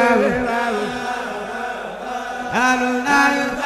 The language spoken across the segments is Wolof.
la la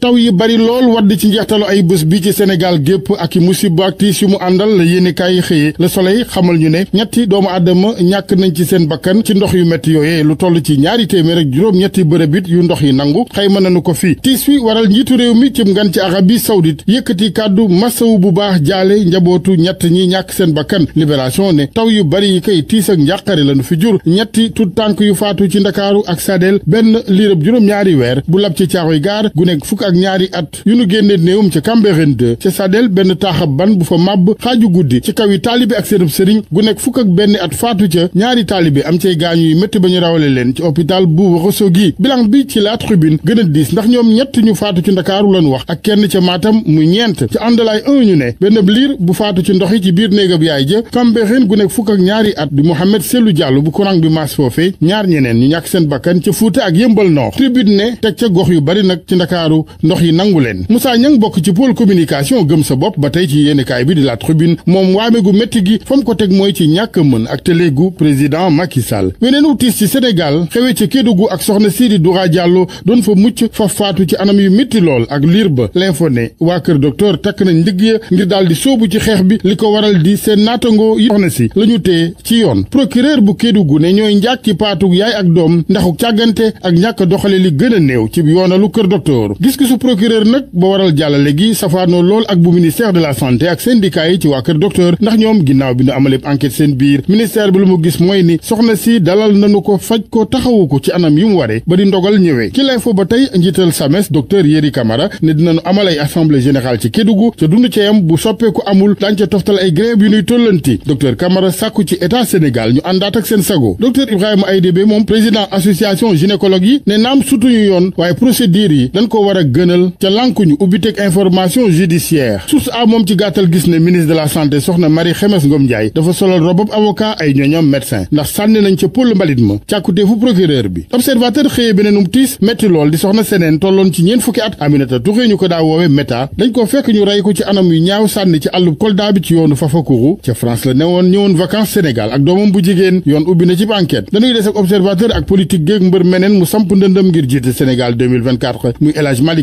taw yi bari lool wadd ci njeextalu ay bés bi ci Sénégal gépp ak yi musiba ak tiis yu mu àndal la yéenekaay yi la Le Soleil xamal ñu ne ñetti doomu aadama ñàkk nañ ci seen bakkan ci ndox yu métti yooyee lu toll ci ñaari téeméer ak juróom ñetti bërëb it yu ndox yi nangu xayma nañu ko fii tiis wi waral njiitu réew mi cim ngan ci Arabie Saoudite yëkkati kàddu masawu bu baax jaale njabootu ñett ñi ñàkk seen bakkan Libération ne taw yu bari yi koy tiis ak njàqare lañu fi jur ñetti tut tànk yu faatu ci Ndakaaru ak Sadel benn liirëb juróom weer bu lab ci caaxoy gaar gu ak ñaari at yu nu génne néewum ca Cambérène 2 ca Sadel benn taaxab ban bu fa màbb xaaju guddi ci kaw yi taalibe ak seenub sëriñ gu nekk fukk ak benn at faatu ca ñaari taalibe am cay gaañu yi métti ba ñu rawale leen ci hôpital bu Ourossogui bilan bi ci laat tribune gën a diis ndax ñoom ñett ñu faatu ci ndakaaru lan wax ak kenn ca maatam muy ñeent ca àndalaay 1 ñu ne benn liir bu faatu ci ndox yi ci biir néegab yaay ja Cambérène gu nekk fukk ak ñaari at di Mohamed Selou Diallo bu courant bi maas foofe ñaar ñeneen ñu ñàkk seen bakkan ca Fuuta ak Yëmbal Nord tribune ne teg ca gox yu bari nag ci ndakaaru ndox yi nangu leen Moussa Niang bokk ci pôle communication gëm sa bopp ba tey ci yéenekaay bi di la tribune moom waame gu métti gi fa ko teg mooy ci ñàkk mën ak télégu président Macky Sall weneen wutis ci Sénégal xewe ci Kédougou ak soxna Sidi Doura Diallo doon fa mucc fa faatu ci anam yi métti lool ak liir ba l'info ne waa kër docteur takk nañ ndigg ya ngir daal di sóobu ci xeex bi li ko waral di seen naatango yi soxna si la ñu tee ci yoon procureur bu Kédougou ne ñooy njaag ci paatug yaay ak doom ndaxu càggante ak ñàkk doxale li gën a néew ci yoonalu kër docteur gis-gisu procureur nag ba waral jàllale gi safaanoo lool ak bu ministère de la santé ak syndicat yi ci waa kër docteur ndax ñoom ginnaaw bi ñu amalee enquête seen biir ministère bi lu mu gis mooy ni soxna si dalal nañu ko faj ko taxawu ko ci anam yi mu waree ba di ndogal ñëwee ci lay fo ba tey njiital SAMES docteur Yéri Camara ne dinañu amal ay assemblée générale ci Kédougou ca dund ca yam bu soppeeku amul daañ ca toftal ay grève yu ñuy tollanti docteur Camara sàkku ci état Sénégal ñu àndaat ak seen sago docteur Ibrahima Aïdébé moom président association gynécologue yi yoon waaye procédure yi gënal ca lànkuñu ubbiteg information judiciaire sus a moom ci gàttal gis ne ministre de la santé soxna Marie Xemes Ngom dafa solal robab avocat ay ñoñom médecin ndax sànni nañ ca pôle mbalit ma càkkuteefu procureur bi observateur xëyee beneenum tiis metti lool di soxna seneen tolloon ci ñeen fukki at Aminata Touré ñu ko daa woowe méta dañ ko fekk ñu rey ko ci anam yu ñaaw sànni ci àllub Kolda bi ci yoonu Fafakuru ca France la newoon ñëwoon vacances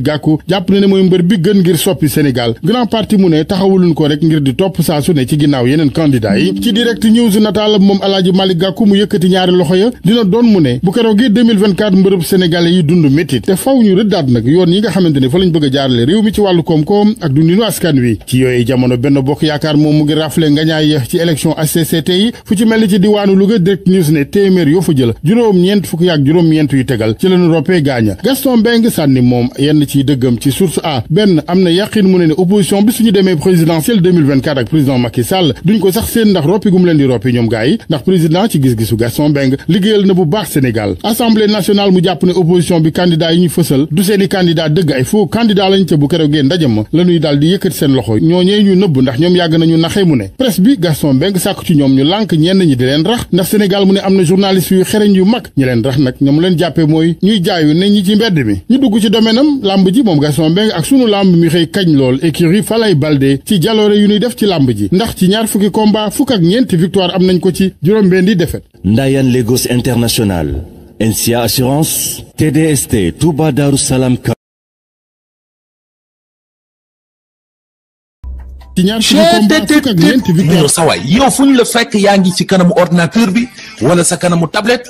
Gakou jàpp na ne mooy mbër bi gën ngir soppi Sénégal grand parti mu ne taxawuluñ ko rek ngir di topp saa ne ci ginnaaw yeneen candidat yi ci direct news nataalam moom alaaji Malick Gakou mu yëkkati ñaari loxo ya dina doon mu ne bu keroogee 2024 mbërëb sénégalais yi dund métit te faw ñu rëddaat nag yoon yi nga xamante fa lañ bëgg a jaarale réew mi ci wàllu koom-koom ak dundinu askan wi ci yooyu jamono benn bokk yaakaar moom mu ngi rafle ci dëggam ci source a benn am na yàqin mu ne ne opposition bi suñu demee présidentielle ak président Macky Sall duñ ko sax seen ndax roppi gum leen di roppi ñoom gaay yi ndax président ci gis-gisu Gaston Mbengue liggéeyal na bu baax Sénégal assemblée nationale mu jàpp ne opposition bi candidat yi ñu fësal du seeni candidat dëgg ay faux candidat lañ ca bu keroogee ndajam la ñuy daal di yëkkati seen loxo ñooñee ñu nëbb ndax ñoom yàgg nañu naxee mu ne presse làmb ji moom Gaston Mbengue ak sunu làmb mi xëy kañ lool écurie Falaye Baldé ci jaloore yu ñuy def ci làmb ji ndax ci ñaar fukki combat fukk ak ñeenti victoire am nañ ko ci juróom-benn di défaite. Ndayan Lagos International NCA Assurance TDST Touba Darou Salam ci ñaar fukki combat fukk ak ñeenti victoire. yow fu ci kanamu ordinateur bi wala sa kanamu tablette.